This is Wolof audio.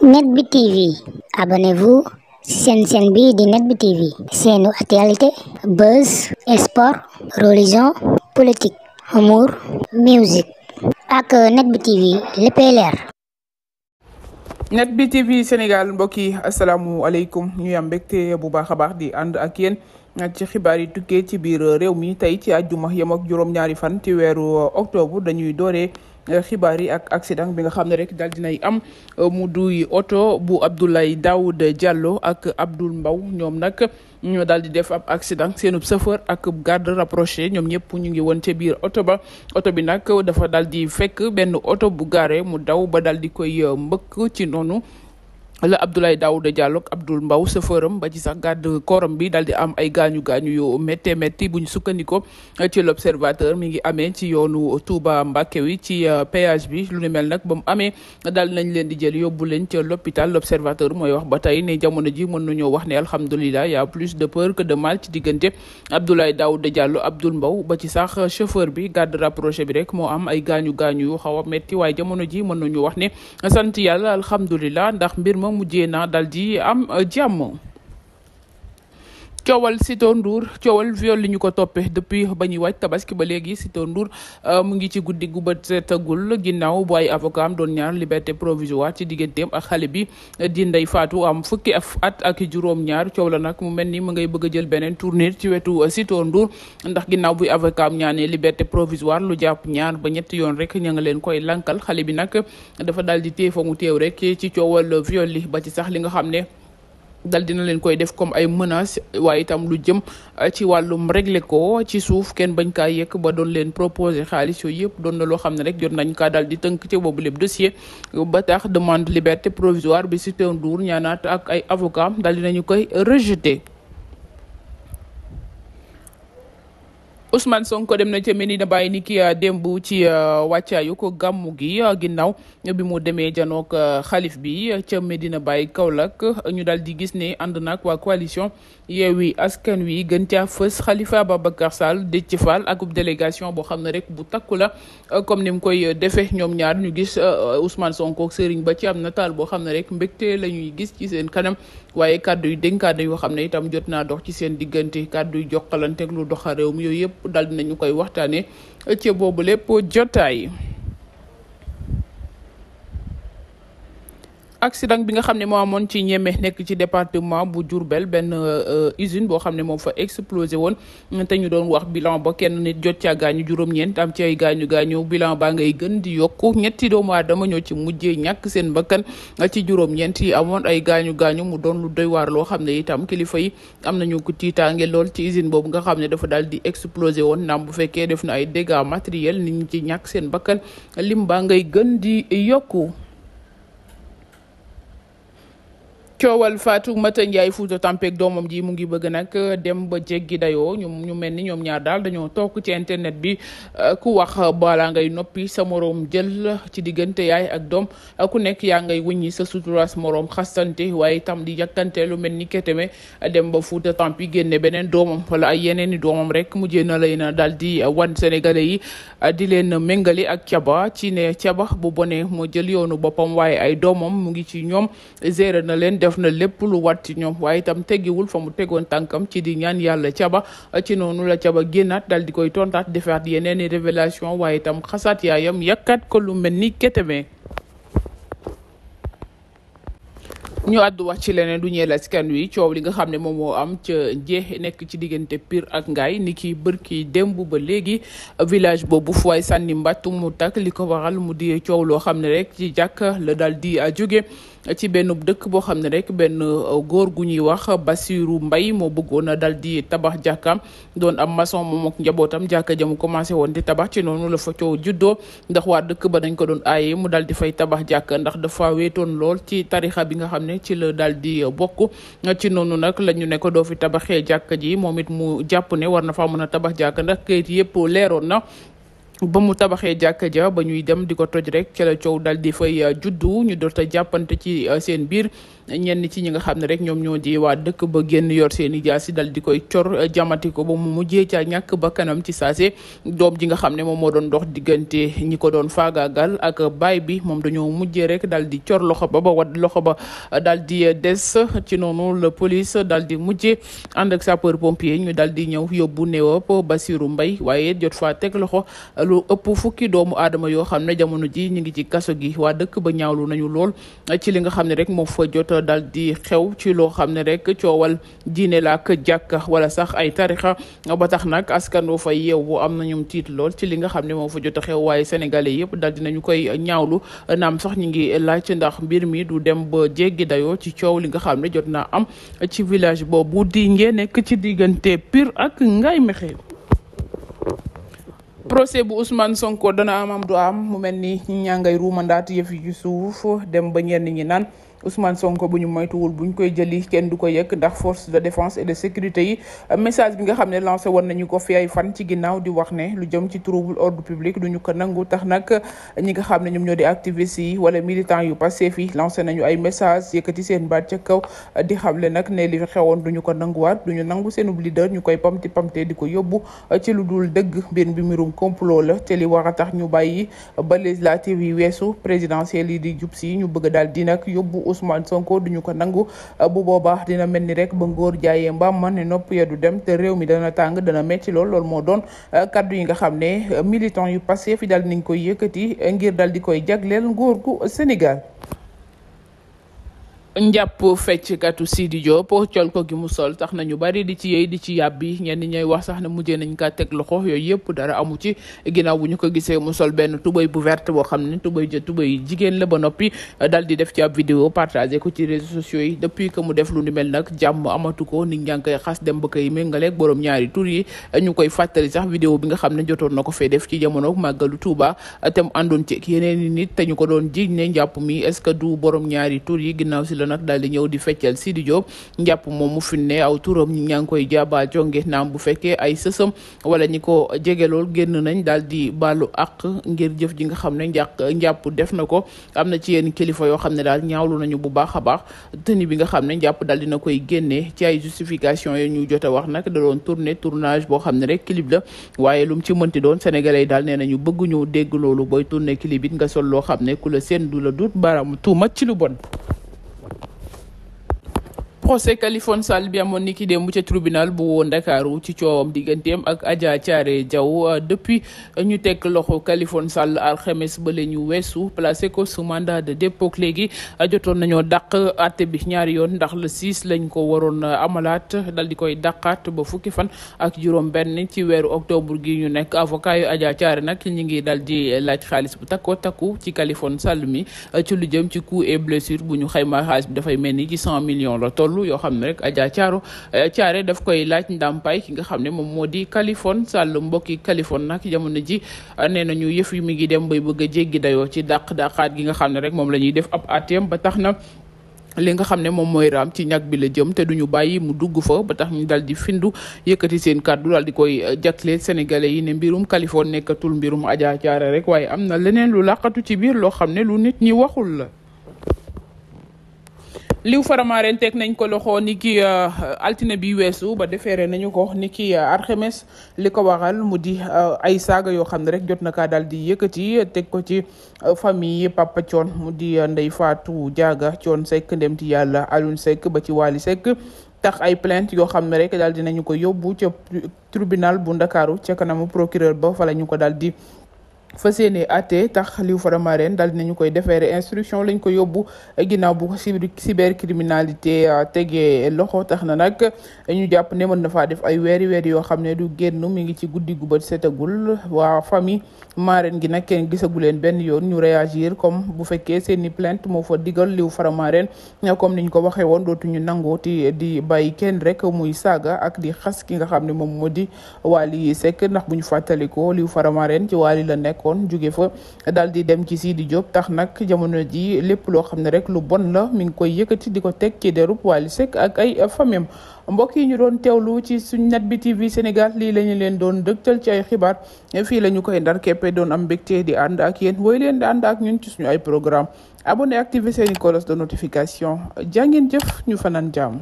net bi tv abonnez-vous seen seen bi di net bi tv seenu actualité buzz sport religion politique humour musique ak net bi tv léppay leer net bi tv sénégal mbokk yi asalaamualeykum ñu am mbégte bu baax a baax di ànd ak yéen ci xibaar yi tukkee ci biir réew mi tey ci a yem ak juróom-ñaari fan ci weeru octobre dañuy doore xibaar yi ak accident bi nga xam ne rek daal dinay am euh, mu duy oto bu Abdoulaye Daoud jàlloo ak Abdoul Mbaw ñoom nag ñoo daal di def ab accident seenub chauffeur ak garde rapproché ñoom ñëpp ñu ngi woon ca biir oto ba oto bi nag dafa daal di fekk benn oto bu gaare mu daw ba daal di koy euh, mbëkk ci noonu la Abdoulaye Daouda Diallo ak Abdoul Mbaw sëfëram ba ci sax gàdd kooram bi daal di am ay gaañu gaañu yu méttee métti bu ñu sukkandikoo eh, ci l'observateur mi ngi amee ci yoonu Touba Mbacké wi ci eh, péage bi lu ni mel nag ba amee daal nañ leen di jël yóbbu leen ca l'hôpital l'observateur mooy wax ba tey ne jamono ji mën nañoo wax ne alhamdulilah y plus de peur que de mal ci diggante Abdoulaye Daouda Diallo Abdoul Mbaw ba ci sax chauffeur bi garde rapproché bi rek moo am ay gaañu gaañu yu xaw a métti waaye jamono ji mën nañu wax ne sant ndax mbir ma mujjee na dal di am euh, jàmm. coowal Sitor nduur coowal viol li ñu ko toppee depuis ba ñuy wàcc tabaski ba léegi Sitor Ndour euh, mu ngi ci guddi gu bët setagul ginnaaw bu ay am doon ñaar liberté provisoire ci digganteem ak xale bi di Ndeye Fatou am fukki at ak juróom-ñaar coow la nag mu mel ni mu ngay bëgg a jël beneen tournée ci wetu euh, Sitor Ndour ndax ginnaaw buy avocat am ñaanee liberté lu jàpp ñaar ba ñett yoon rek ña nga leen koy lankal xale bi nag dafa daal di téye fa mu téew rek ci coowal viol li ba ci sax li nga xam ne dal dina leen koy def comme ay menaces waaye itam lu jëm ah, ci wàllum réglé ko ci suuf kenn bañ kaa yëkk ba doon leen proposé xaalis yooyu yëpp doon na loo xam ne rek jot nañ kaa dal di tënk ci boobu lépp dossier ba tax demande liberté provisoire bi Sitor Ndour ñaanaat ak ay avocat dal dinañu koy rejeté Ousmane Sonko dem na ca Médina Baye ni ki euh, démb ci euh, wàccaayu ko gàmmu gi euh, ginnaaw bi mu demee janook xalif bi ca Médina Baye Kaolack ñu daal di gis ne ànd naag waa coalition Yewwi Askan Wi gën caa fës Khalifa Ababacar Sall Déthié Fall ak délégation boo xam ne rek bu takku la comme ni mu koy defee ñoom ñaar ñu gis Ousmane Sonko ak Ba ci am nataal boo xam ne rek mbégte la ñuy gis ci seen kanam waaye kàddu yu dénkaane yoo xam ne itam jot naa dox ci seen diggante kàddu yu jokkalante ak lu doxa réew mi yooyu yëpp. daal dinañu koy waxtaane ci boobu lépp jotaay accident bi nga xam ne moo amoon ci ñeme nekk ci département bu Diourbel benn euh, usine boo xam ne moom fa explosé woon te ñu doon wax bilan ba kenn nit jot ca gaañu juróom-ñeent am ci gaañu gaañu bilan baa ngay gën di yokku ñetti doomu aadama ñoo ci mujjee ñàkk seen bakkan ci juróom-ñeent yi amoon ay gaañu gaañu mu doon lu doy waar loo xam ne itam kilifa yi am nañu ko tiitaange lool ci usine boobu nga xam ne dafa daal di explosé woon naam bu fekkee def na ay dégâts matériels ni ñi ci ñàkk seen bakkan lim baa ngay gën di yokku. coowal Fatoumata Ndiaye Fouta Tampeek doomam ji mu ngi bëgg nag euh, dem ba jéggi dayoo ñu ñu mel ni ñoom ñaar daal dañoo took ci internet bi euh, ku wax balaa ngay noppi sa moroom jël ci diggante yaay ak doom euh, ku nekk yaa ngay wuññi sa suturaas moroom xastante waaye itam di yàkkante lu mel ni keteme dem ba Fouta Tampi génne beneen doomam wala ay yeneen i doomam rek mujjee na lay na daal di wan sénégalais yi di leen méngale ak caba ci ne caba bu bone moo jël yoonu boppam waaye ay doomam def na lépp lu wat ci ñoom waaye itam teggiwul fa mu tegoon tànkam ci di ñaan yàlla caba ci noonu la caba génnaat dal di koy tontaat defaat yeneen i révélation waaye itam xasaat yam yàkkaat ko lu mel ni ketemee ñu àddu wax ci leneen du ñeel askan wi coow li nga xam ne moom moo am ca jeex nekk ci diggante Pire ak Ngaye ni ki demb démb ba léegi village boobu fu waay sànni mbàttu mu takk li ko waral mu di coow loo xam ne rek ci jàkk la dal di jóge ci benn dëkk boo xam ne rek benn euh, góor gu ñuy wax Bassirou Mbaye moo bëggoon a dal di tabax jàkkaam doon am maçon moom ak njabootam jàkka ja mu commencé woon di tabax ci noonu la fa coow juddoo ndax waa dëkk ba dañ ko doon aaye mu dal di fay tabax jàkka ndax dafa wéetoon lool ci tarixa bi nga xam ne ci la dal di euh, bokk na ci noonu nag la ñu ne ko doo fi tabaxee jàkka ji moom it mu jàpp ne war na faa mën a tabax jàkka ndax kayit yëpp leeroon na ba mu tabaxee jàkka ja ba ñuy dem di ko toj rek ca la coow dal di fay euh, juddu ñu doon ta jàppante ci euh, seen biir ñenn ci ñi nga xam ne rek ñoom ñoo di waa dëkk ba génn yor seen i jaasi dal di koy cor euh, jamati ko ba mu mujjee ca ñàkk ba kanam ci saase doom ji nga xam ne moom moo doon dox diggante ñi ko doon faagaagal ak baay bi moom dañoo mujjee rek dal di cor loxo ba ba wad loxo ba dal di des ci noonu la police dal di mujjee ànd ak sapeur pompier ñu dal di ñëw yóbbu néewab Basirou Mbaye waaye jot lu ëpp fukki doomu aadama yoo xam ne jamono ji ñu ngi ci kaso gi waa dëkk ba ñaawlu nañu lool ci li nga xam ne rek moom fa jot dal di xew ci loo xam ne rek coowal diine la ak jàkka wala sax ay tarixa ba tax nag askan fa yeewu am nañu tiit lool ci li nga xam ne moo fa jot a xew waaye sénégalais yëpp dal dinañu koy ñaawlu naam sax ñu ngi laaj ndax mbir mi du dem ba jéggi dayoo ci coow li nga xam ne jot naa am ci village boobu di ngee nekk ci diggante Pire ak ngay mexe procès bu Ousmane Sonko dana amam du am mu mel ni ñi ñaa ngay yëf yi ci dem ba ñenn ñi naan. Ousmane Sonko bu ñu moytuwul bu ñu koy jëli kenn du ko yëg ndax force de défense et de sécurité yi message bi nga xam ne lancé woon nañu ko fi ay fan ci ginnaaw di wax ne lu jëm ci trouble ordre public du ko nangu tax nag ñi nga xam ne ñoom ñoo di activistes yi wala militants yu passé fi lancé nañu ay message yëkkati seen baat ca kaw di xamle nag ne li xewoon du ñu ko nanguwaat du ñu nangu seenub leader ñu koy pamti pamte di ko yóbbu ci lu dul dëgg mbir bi mbirum complot la te li war a tax ñu bàyyi ba législative yi weesu présidentielle yi di jub si ñu bëgg daal di nag yóbbu Ousmane Sonko duñu ko nangu euh, bu boobaa dina mel ni rek ba ngóor jaayee mbaam man ne nopp ya du dem te réew mi dana tàng dana metti lool loolu moo doon euh, kaddu yi nga xam ne euh, militant yu passé fi dal nañ koy yëkkati ngir dal di koy jagleel nguur gu Sénégal njàpp fecckatu Sidi Diop col ko gi mu sol tax nañu bari di ci yey ci yàbbi ñenn ñooy wax sax ne mujjee nañ kaa teg loxo yooyu yëpp dara amu ci ginnaaw bu ñu ko gisee mu sol benn tubéy bu verte boo xam ne tubéy ja tubéy jigéen la ba noppi dal di def ci ab vidéo partagé ko ci réseaux sociaux yi depuis que mu def lu ni mel nag jàmm amatu ko nit ñaa ngi koy xas dem ba koy méngaleeg borom ñaari tur yi ñu koy fàttali sax vidéo bi nga xam ne jotoon na ko fee def ci jamono màggalu Touba te mu àndoon ci yeneen i nit te ñu ko doon jiiñ ne njàpp mi est-ce du borom ñaari tur yi si la nag daal di ñëw di feccal Sidi Diop njàpp moom mu finne aw turam ñi ñaa ngi koy jaaba jonge naam bu fekkee ay sësam wala ñi ko jegelool génn nañ daal di baalu àq ngir jëf ji nga xam ne njàq njàpp def na ko am na ci yenn kilifa yoo xam ne daal ñaawlu nañu bu baax a baax tëni bi nga xam ne njàpp daal dina koy génnee ci ay justification yi ñu jot a wax nag da tourne tournage boo xam ne rek clip la waaye lu mu ci mënti doon sénégalais yi daal nee nañu bëgguñu dégg loolu booy tourner clip it nga sol loo xam ne ku la seen du la duut baaraamu tuuma ci lu bon procès Kaliphone Sall bi amoon ni ki démb ca tribunal bu Ndakaaru ci coowam digganteem ak Adja Thiaré Diaw euh, depuis ñu tekk loxo Kaliphone Sall alxemes ba la ñu weesu placé ko su mandat de léegi euh, jotoon nañoo dàq àtte bi ñaari yoon ndax le 6 lañ ko waroon euh, amalaat dal di koy dàqaat ba fukki fan ak juróom-benn ci weeru octobre gi ñu nekk avocat yu nag ñu ngi dal di laaj xaalis bu takkoo takku ci Kaliphone Sall mi ci lu jëm ci coups et blessures bu ñu xayma xaalis bi dafay mel ni ci 100 millions yoo xam ne rek Adja Thiaro eh, Thiaré daf koy laaj ndàmpaay ki nga xam ne moom moo di Kaliphone Sall mbokki kalifon nag jamono ji eh, nee ñu yëf yu mi ngi dem bay bëgg a jéggi dayoo ci dàq dàqaat gi nga xam ne rek moom la ñuy def ab ATM ba tax na li nga xam ne moom mooy raam ci ñag bi la jëm te du ñu bàyyi mu dugg fa ba tax ñu dal di findu yëkkati seen kàddu daal di koy eh, jagleel sénégalais yi ne mbirum Kaliphone nekkatul mbirum Adja Thiaré rek waaye am na leneen lu làqatu ci biir loo xam ne lu nit ñi waxul la liw Faramareen teg nañ ko loxo ni ki euh, altine bi weesu ba defeere nañu ko ni ki euh, arxemes li ko waral mu di euh, ay saaga yoo xam ne rek jot na kaa daal di yëkkati teg ko ci famille Papa Thione mu di Ndeye Fatou Diaga Thione Seck ndem ci yàlla Alioune sekk ba ci Waly Seck tax ay plainte yoo xam ne rek daal nañu ko yóbbu ca tribunal bu Ndakaaru ca kanamu procureur ba fa la ñu ko daal di fa seeni até tax liw Faramareen dal dinañu koy defeere instruction lañ ko yóbbu ginnaaw bu ko cybercriminalité euh, tegee loxo tax na nag ñu jàpp ne mën na faa def ay weeri weer yoo xam ne du génn mi ngi ci guddi gu bët setagul waa famille Mareen gi nag kenn gisagu leen benn yoon ñu réagir comme bu fekkee seeni plainte moo fa digal liw Faramareen comme niñ ko waxee woon dootuñu ti di bàyyi kenn rek muy saaga ak di xas ki nga xam ne moom moo di Wally Seck ndax bu ñu fàttalikoo liw Faramareen ci Wally la nekk kon jóge fa daal di dem ci siidi Diop tax nag jamono ji lépp loo xam ne rek lu bon la mi ngi koy yëkkati di ko teg ci derub Wally Seck ak ay famem mbokk yi ñu doon teewlu ci suñ net bi TV Sénégal lii la ñu leen doon dëgtal ci ay xibaar fii la ñu koy ndar keppe doon am mbégte di ànd ak yéen woyu leen di ànd ak ñun ci suñu ay programme abonné activé seeni cloche de notification jàngeen jëf ñu fanaan jaam